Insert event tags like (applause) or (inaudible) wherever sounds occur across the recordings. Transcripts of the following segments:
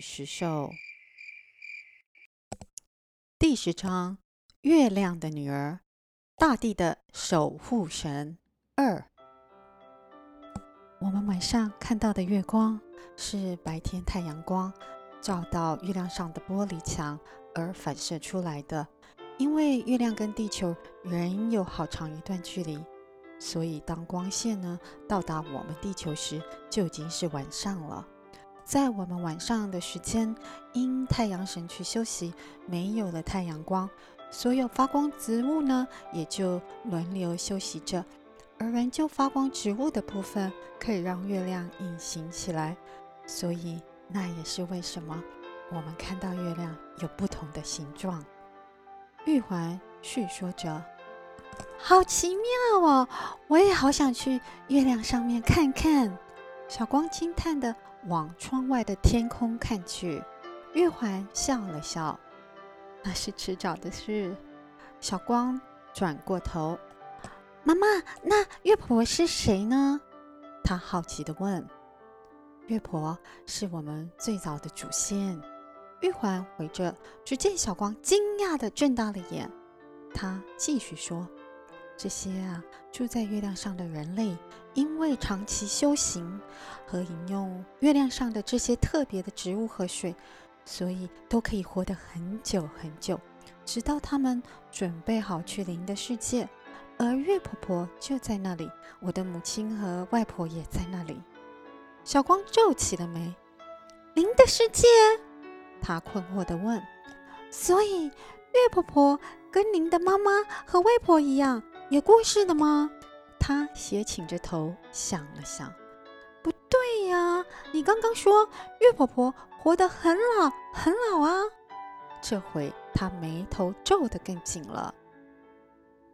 獸第十章，月亮的女兒，大地的守護神。二，我們晚上看到的月光，是白天太陽光照到月亮上的玻璃牆而反射出來的。因為月亮跟地球仍有好長一段距離，所以當光線呢到達我們地球時，就已經是晚上了。在我們晚上的時間，因太陽神去休息，沒有了太陽光，所有發光植物呢也就輪流休息着，而仍舊發光植物的部分可以讓月亮隱形起來，所以那也是為什麼我們看到月亮有不同的形狀。玉環敘說着，好奇妙哦，我也好想去月亮上面看看。小光驚嘆的。往窗外的天空看去，玉環笑了笑，那是遲早的事。小光轉過頭，媽媽，那月婆是誰呢？他好奇的問。月婆是我們最早的祖先，玉環回着。只見小光驚訝的睜大了眼。他繼續說。這些啊，住在月亮上的人類，因為長期修行和飲用月亮上的這些特別的植物和水，所以都可以活得很久很久，直到他們準備好去靈的世界。而月婆婆就在那裡，我的母親和外婆也在那裡。小光皺起了眉，靈的世界，他困惑的問：“所以月婆婆跟您的媽媽和外婆一樣？”有故事的嗎？他斜傾着頭想了想，不對呀，你剛剛說月婆婆活得很老很老啊。這回他眉頭皺得更緊了。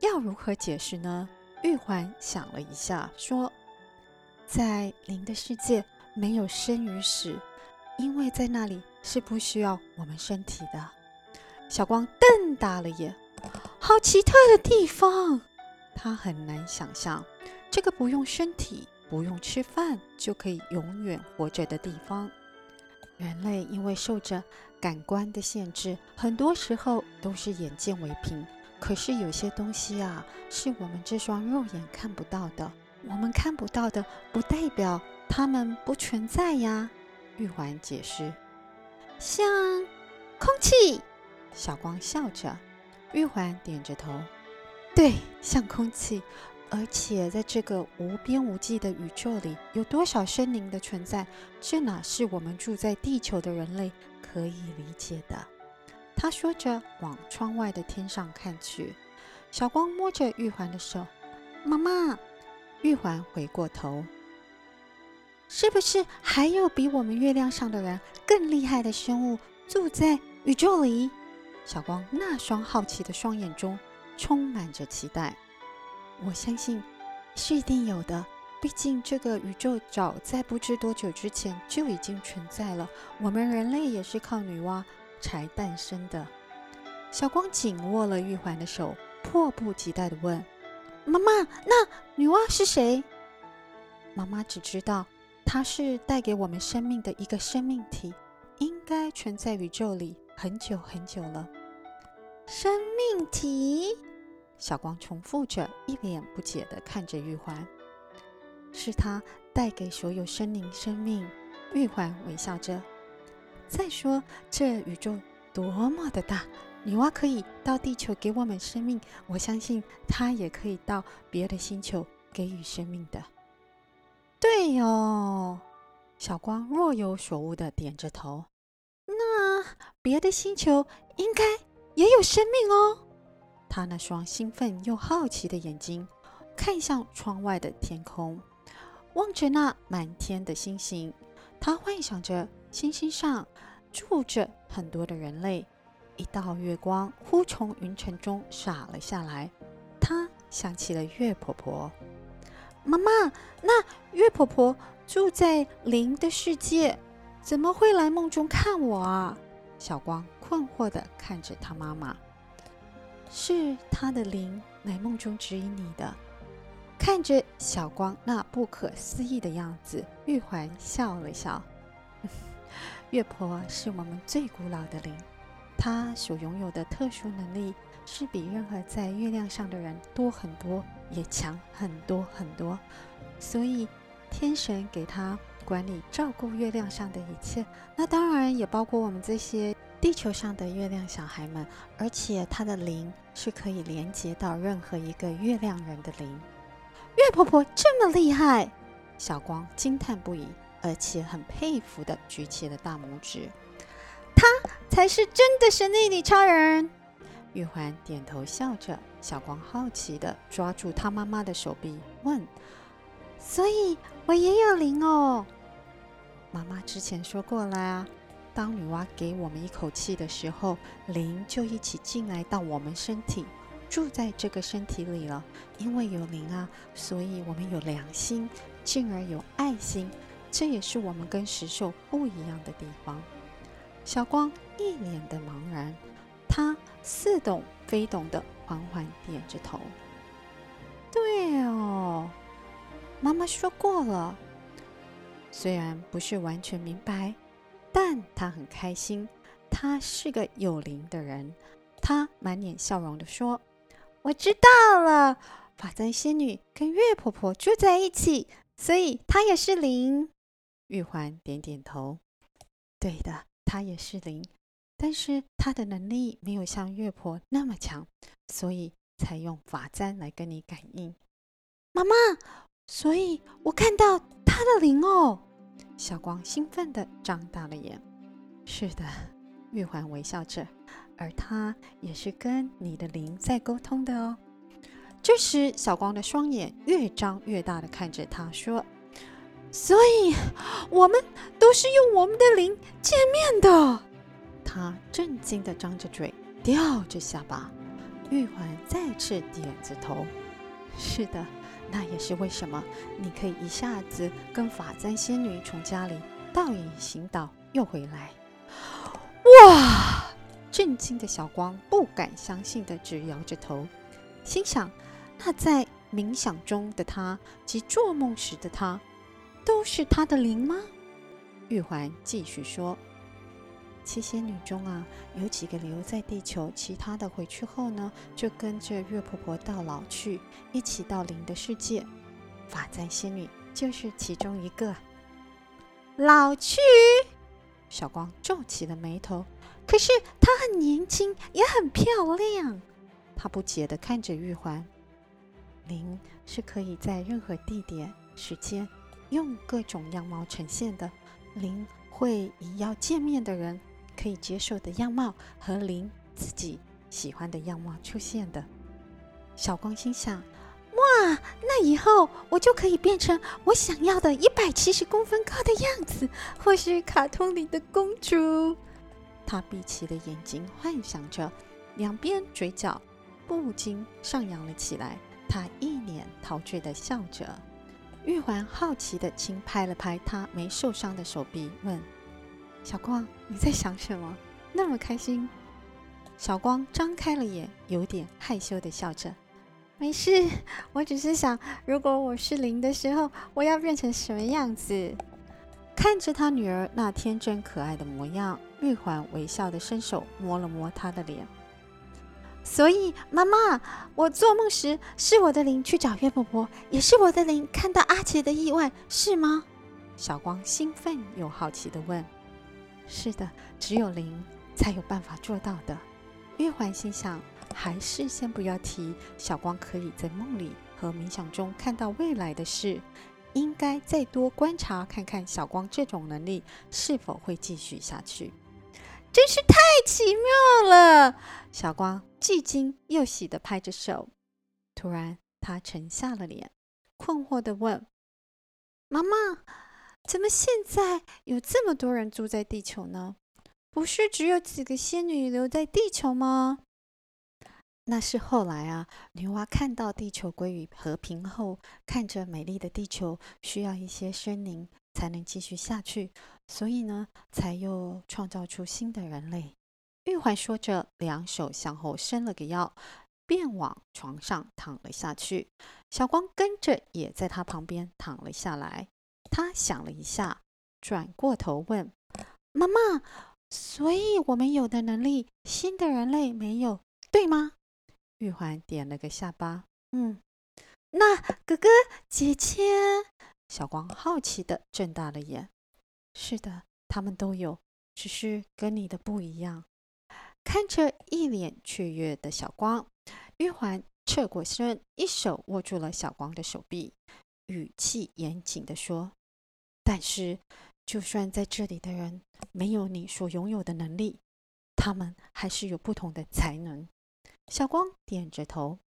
要如何解釋呢？玉環想了一下，說：“在靈的世界沒有生與死，因為在那裡是不需要我們身體的。”小光瞪大了眼，好奇特的地方。他很難想象這個不用身體、不用吃飯就可以永遠活着的地方。人類因為受着感官的限制，很多時候都是眼見為憑。可是有些東西啊，是我們這雙肉眼看不到的。我們看不到的，不代表它們不存在呀。玉環解釋，像空氣。小光笑着，玉環點着頭。對，像空氣，而且在這個無邊無際的宇宙裡，有多少生靈的存在？這哪是我們住在地球的人類可以理解的？他說着，往窗外的天上看去。小光摸着玉環的手，媽媽。玉環回過頭，是不是還有比我們月亮上的人，更厲害的生物，住在宇宙裡？小光那雙好奇的雙眼中。充滿着期待，我相信是一定有的。畢竟這個宇宙早在不知多久之前就已經存在了。我們人類也是靠女媧才誕生的。小光緊握了玉環的手，迫不及待的問：“媽媽，那女媧是誰？”媽媽只知道她是帶給我們生命的一個生命體，應該存在宇宙裡很久很久了。生命體？小光重複着，一臉不解的看着玉環。是他帶給所有生靈生命。玉環微笑着。再說，這宇宙多麼的大，女媧可以到地球給我們生命，我相信她也可以到別的星球給予生命的。對哦，小光若有所悟的點着頭。那別的星球應該也有生命哦。他那雙興奮又好奇的眼睛看向窗外的天空，望着那滿天的星星，他幻想着星星上住着很多的人類。一道月光忽從雲層中灑了下來，他想起了月婆婆。媽媽，那月婆婆住在靈的世界，怎麼會來夢中看我啊？小光困惑地看着他媽媽。是他的靈來夢中指引你的。看着小光那不可思議的樣子，玉環笑了笑。 (laughs) 月婆是我們最古老的靈，她所擁有的特殊能力是比任何在月亮上的人多很多，也強很多很多。所以天神給她管理、照顧月亮上的一切，那當然也包括我們這些地球上的月亮小孩們，而且他的靈是可以連接到任何一個月亮人的靈。月婆婆這麼厲害！小光驚嘆不已，而且很佩服地舉起了大拇指。他才是真的神力女超人。玉環點頭笑着，小光好奇地抓住他媽媽的手臂問：“所以我也有靈哦？媽媽之前說過了啊。”當女媧給我們一口氣的時候，靈就一起進來到我們身體，住在這個身體裡了。因為有靈啊，所以我們有良心，進而有愛心。這也是我們跟石獸不一樣的地方。小光一臉的茫然，他似懂非懂地緩緩點着頭：“對哦，媽媽說過了，雖然不是完全明白。”但她很開心，她是個有靈的人。她滿臉笑容地說：“我知道了，法簪仙女跟月婆婆住在一起，所以她也是靈。”玉環點點頭：“對的，她也是靈，但是她的能力沒有像月婆那麼強，所以才用法簪來跟你感應，媽媽。所以我看到她的靈哦。”小光興奮的張大了眼。是的，玉環微笑着，而他也是跟你的靈在溝通的哦。這時，小光的雙眼越張越大的看着他說：“所以，我們都是用我們的靈見面的。”他震驚的張着嘴，吊着下巴。玉環再次點着頭：“是的。”那也是為什麼你可以一下子跟法簪仙女從家裡倒影行到又回來？哇！震驚的小光不敢相信的直搖着頭，心想：那在冥想中的他及做夢時的他，都是他的靈嗎？玉環繼續說。七仙女中啊，有幾個留在地球，其他的回去後呢，就跟着月婆婆到老去，一起到靈的世界。法在仙女就是其中一個。老去，小光皺起了眉頭。可是她很年輕，也很漂亮。她不解地看着玉環。靈是可以在任何地點、時間，用各種樣貌呈現的。靈會以要見面的人可以接受的樣貌和您自己喜歡的樣貌出現的，小光心想：“哇，那以後我就可以變成我想要的170公分高的樣子，或是卡通裡的公主。”他閉起了眼睛，幻想着，兩邊嘴角不禁上揚了起來，他一臉陶醉的笑着。玉環好奇的輕拍了拍他沒受傷的手臂，問。小光，你在想什麼？那麼開心。小光張開了眼，有點害羞地笑着。沒事，我只是想，如果我是靈的時候，我要變成什麼樣子？看着他女兒那天真可愛的模樣，玉環微笑地伸手摸了摸她的臉。所以，媽媽，我做夢時是我的靈去找月婆婆，也是我的靈看到阿杰的意外，是嗎？小光興奮又好奇地問。是的，只有靈才有辦法做到的。玉環心想，還是先不要提小光可以在夢裡和冥想中看到未來的事，應該再多觀察看看小光這種能力是否會繼續下去。真是太奇妙了！小光既驚又喜地拍着手，突然他沉下了臉，困惑地問：“媽媽。”怎麼現在有這麼多人住在地球呢？不是只有幾個仙女留在地球嗎？那是後來啊，女媧看到地球歸於和平後，看着美麗的地球，需要一些生靈才能繼續下去，所以呢，才又創造出新的人類。玉環說着，兩手向後伸了個腰，便往床上躺了下去。小光跟着也在她旁邊躺了下來。他想了一下，轉過頭問：“媽媽，所以我們有的能力，新的人類沒有，對嗎？”玉環點了個下巴：“嗯。”那哥哥姐姐，小光好奇地睜大了眼：“是的，他們都有，只是跟你的不一樣。”看着一臉雀躍的小光，玉環側過身，一手握住了小光的手臂，語氣嚴謹地說。但是，就算在這裡的人沒有你所擁有的能力，他們還是有不同的才能。小光點着頭，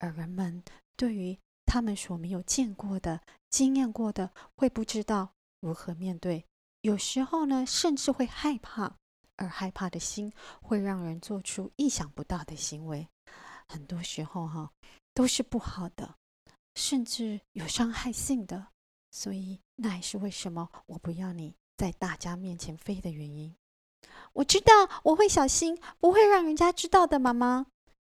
而人們對於他們所沒有見過的、經驗過的，會不知道如何面對。有時候呢，甚至會害怕，而害怕的心會讓人做出意想不到的行為。很多時候哈、啊，都是不好的，甚至有傷害性的。所以，那也是為什麼我不要你在大家面前飛的原因。我知道，我會小心，不會讓人家知道的，媽媽。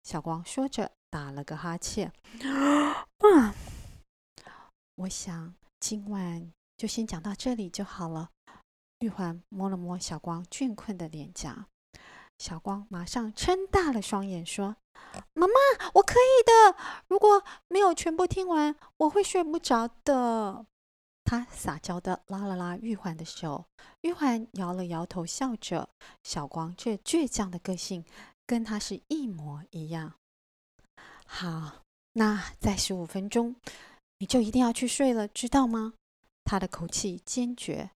小光說着，打了個哈欠。啊，我想今晚就先講到這裡就好了。玉環摸了摸小光倦困的臉頰，小光馬上撐大了雙眼說：“媽媽，我可以的。如果沒有全部聽完，我會睡不着的。”他撒嬌地拉了拉，拉玉環的手，玉環搖了搖頭，笑着。小光這倔強的個性，跟他是一模一樣。好，那再十五分鐘，你就一定要去睡了，知道嗎？他的口氣堅決。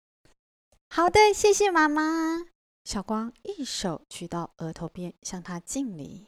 好的，謝謝媽媽。小光一手舉到額頭邊，向他敬禮。